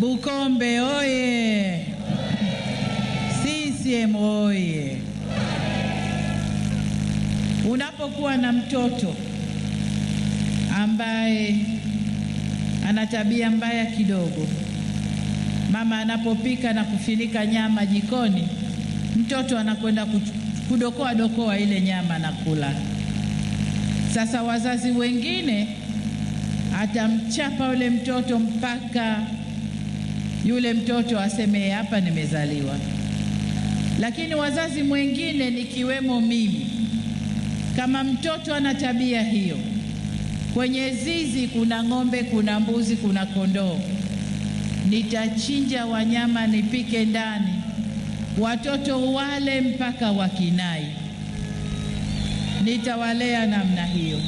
Bukombe oye! CCM oye! Unapokuwa na mtoto ambaye ana tabia mbaya kidogo, mama anapopika na kufinika nyama jikoni, mtoto anakwenda kudokoa dokoa ile nyama na kula. Sasa wazazi wengine atamchapa yule mtoto mpaka yule mtoto aseme hapa nimezaliwa. Lakini wazazi mwengine nikiwemo mimi, kama mtoto ana tabia hiyo, kwenye zizi kuna ng'ombe, kuna mbuzi, kuna kondoo, nitachinja wanyama nipike ndani, watoto wale mpaka wakinai. Nitawalea namna hiyo,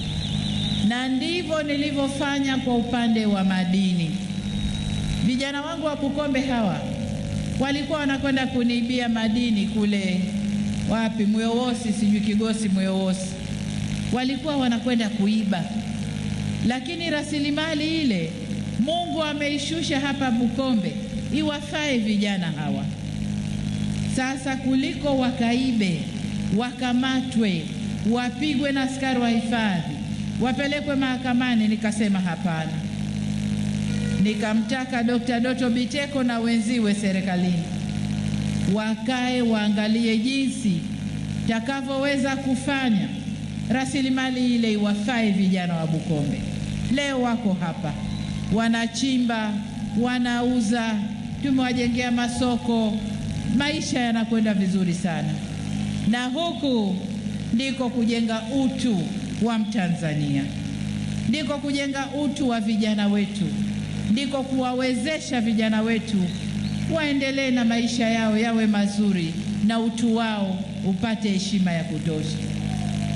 na ndivyo nilivyofanya kwa upande wa madini. Vijana wangu wa Bukombe hawa walikuwa wanakwenda kuniibia madini kule wapi, Moyowosi sijui Kigosi, Moyowosi, walikuwa wanakwenda kuiba, lakini rasilimali ile Mungu ameishusha hapa Bukombe iwafae vijana hawa. Sasa kuliko wakaibe, wakamatwe, wapigwe na askari wa hifadhi, wapelekwe mahakamani, nikasema hapana nikamtaka Dr. Doto Biteko na wenziwe serikalini wakae waangalie jinsi takavyoweza kufanya rasilimali ile iwafae vijana wa Bukombe. Leo wako hapa wanachimba, wanauza, tumewajengea masoko, maisha yanakwenda vizuri sana, na huku ndiko kujenga utu wa Mtanzania, ndiko kujenga utu wa vijana wetu ndiko kuwawezesha vijana wetu waendelee na maisha yao yawe mazuri na utu wao upate heshima ya kutosha.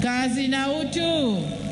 Kazi na utu.